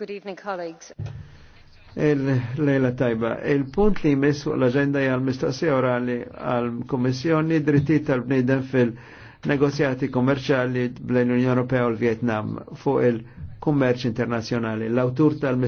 Good evening, colleagues. Il-lejla tajba. Il-punt li jmess fuq l-agenda jgħal mistoqsija orali għal-Kommissjoni drittijiet tal-bnejden fil-negozjati kommerċali bl-Unjoni Ewropea u l-Vietnam fuq il-kummerċ internazzjonali. L-autur tal